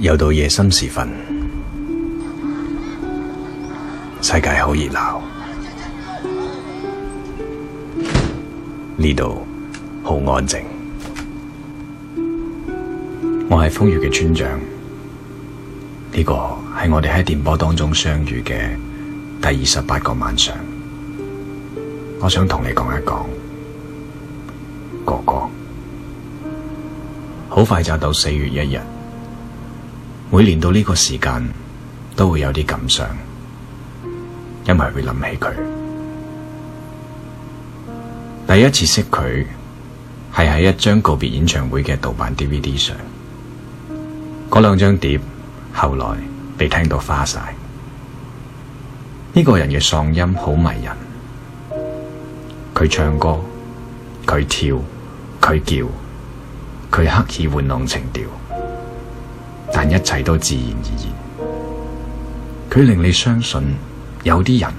又到夜深時分，世界好熱鬧，呢度好安靜。我係瘋粵嘅村長，呢個係我哋喺電波當中相遇嘅第二十八個晚上。我想同你講一講，哥哥，好快就到四月一日。每年到呢個時間都會有啲感想，因為會諗起佢。第一次識佢係喺一張告別演唱會嘅盜版 DVD 上，嗰兩張碟後來被聽到花晒。呢個人嘅嗓音好迷人，佢唱歌、佢跳、佢叫、佢刻意玩弄情調。但一切都自然而然，佢令你相信有啲人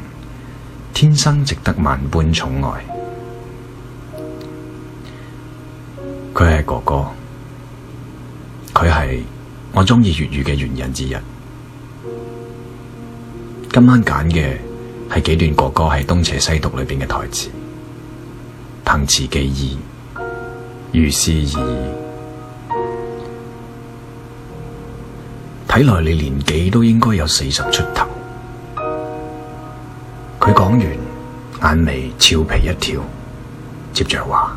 天生值得萬般寵愛。佢係哥哥，佢係我中意粵語嘅原因之一。今晚揀嘅係幾段哥哥喺東邪西毒裏邊嘅台詞，憑詞寄意，如是而已。睇來你年紀都應該有四十出頭。佢講完，眼眉俏皮一跳，接着話：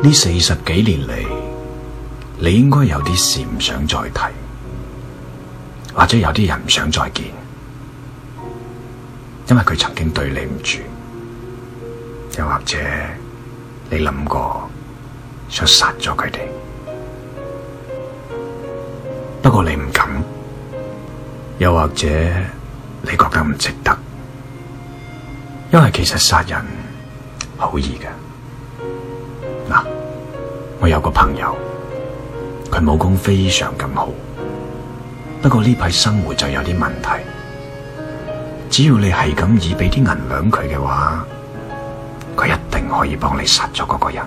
呢四十幾年嚟，你應該有啲事唔想再提，或者有啲人唔想再見，因為佢曾經對你唔住，又或者你諗過想殺咗佢哋。不過你唔敢，又或者你覺得唔值得，因為其實殺人好易㗎。嗱，我有個朋友，佢武功非常咁好，不過呢排生活就有啲問題。只要你係咁以俾啲銀兩佢嘅話，佢一定可以幫你殺咗嗰個人。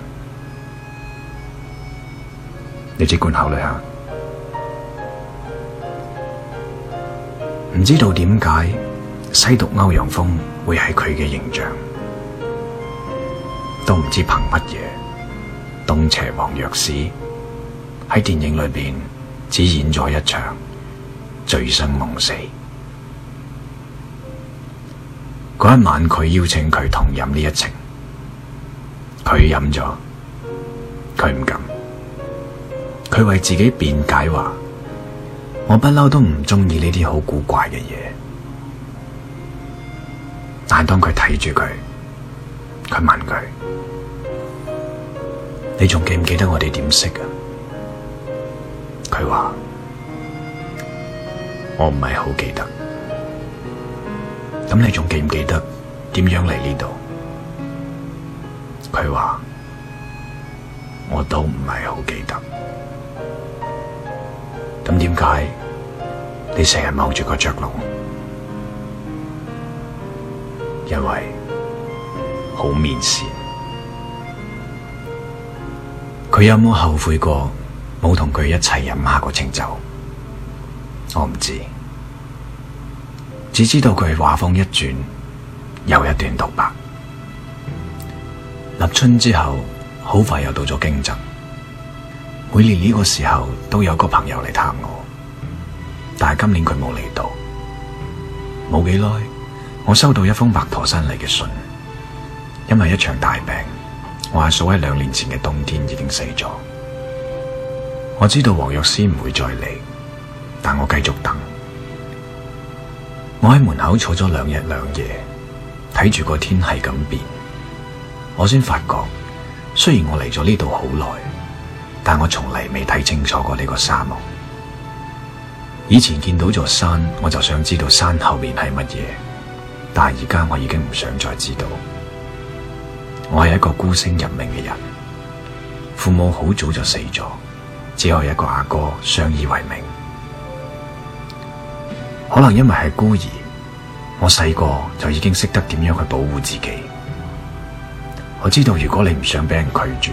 你只管考慮下。唔知道點解西毒歐陽鋒會係佢嘅形象，都唔知憑乜嘢東邪黃藥師喺電影裏邊只演咗一場醉生夢死。嗰一晚佢邀請佢同飲呢一埕，佢飲咗，佢唔敢，佢為自己辯解話。我不嬲都唔中意呢啲好古怪嘅嘢，但當佢睇住佢，佢問佢：你仲記唔記得我哋點識啊？佢話：我唔係好記得。咁你仲記唔記得點樣嚟呢度？佢話：我都唔係好記得。咁點解你成日望住個雀籠？因為好面善。佢有冇後悔過冇同佢一齊飲下個清酒？我唔知，只知道佢話鋒一轉，又一段獨白。立春之後，好快又到咗驚蟄。每年呢個時候都有個朋友嚟探我，但今年佢冇嚟到。冇幾耐，我收到一封白駝山嚟嘅信，因為一場大病，我阿嫂喺兩年前嘅冬天已經死咗。我知道黃藥師唔會再嚟，但我繼續等。我喺門口坐咗兩日兩夜，睇住個天係咁變，我先發覺，雖然我嚟咗呢度好耐，但我從來未睇清楚過呢個沙漠。以前見到座山，我就想知道山後面係乜嘢。但而家我已經唔想再知道。我係一個孤星入命嘅人，父母好早就死咗，只有一個阿哥相依為命。可能因為係孤兒，我細個就已經識得點樣去保護自己。我知道如果你唔想俾人拒絕，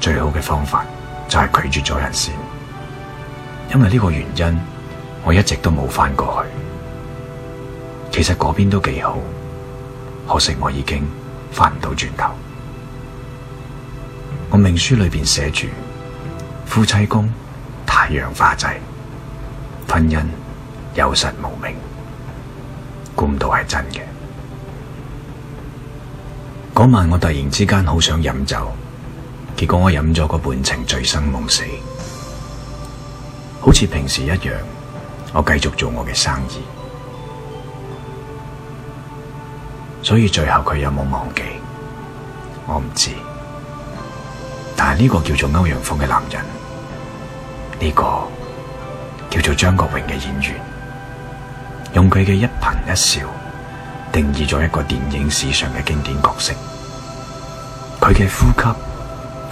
最好嘅方法。就係拒絕咗人先，因為呢個原因，我一直都冇翻過去。其實嗰邊都幾好，可惜我已經翻唔到轉頭。我命書裏邊寫住夫妻宮太陽化忌，婚姻有實無名，估唔到係真嘅。嗰晚我突然之間好想飲酒。結果我飲咗個半程醉生夢死，好似平時一樣，我繼續做我嘅生意。所以最後佢有冇忘記，我唔知。但係呢個叫做歐陽鋒嘅男人，呢個叫做張國榮嘅演員，用佢嘅一顰一笑，定義咗一個電影史上嘅經典角色。佢嘅呼吸。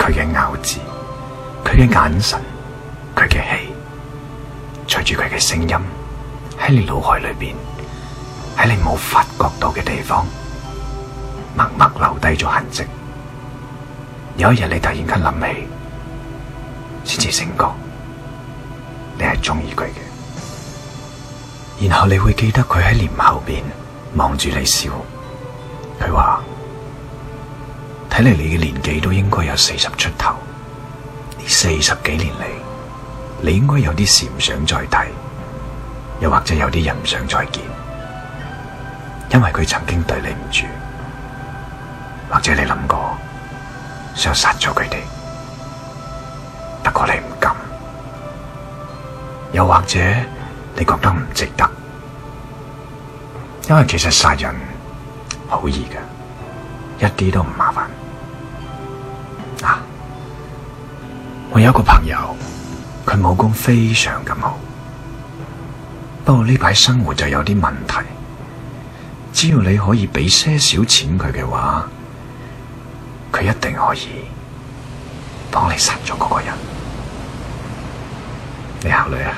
佢嘅咬字，佢嘅眼神，佢嘅戲，隨住佢嘅聲音喺你腦海裏邊，喺你冇發覺到嘅地方，默默留低咗痕跡。有一日你突然間諗起，先至醒覺，你係中意佢嘅。然後你會記得佢喺簾後邊望住你笑，佢話。睇嚟你嘅年紀都應該有四十出頭，呢四十幾年嚟，你應該有啲事唔想再提，又或者有啲人唔想再見，因為佢曾經對你唔住，或者你諗過想殺咗佢哋，不過你唔敢，又或者你覺得唔值得，因為其實殺人好易㗎，一啲都唔麻煩。我有一個朋友，佢武功非常咁好，不過呢排生活就有啲問題。只要你可以俾些少錢佢嘅話，佢一定可以幫你殺咗嗰個人。你考慮一下。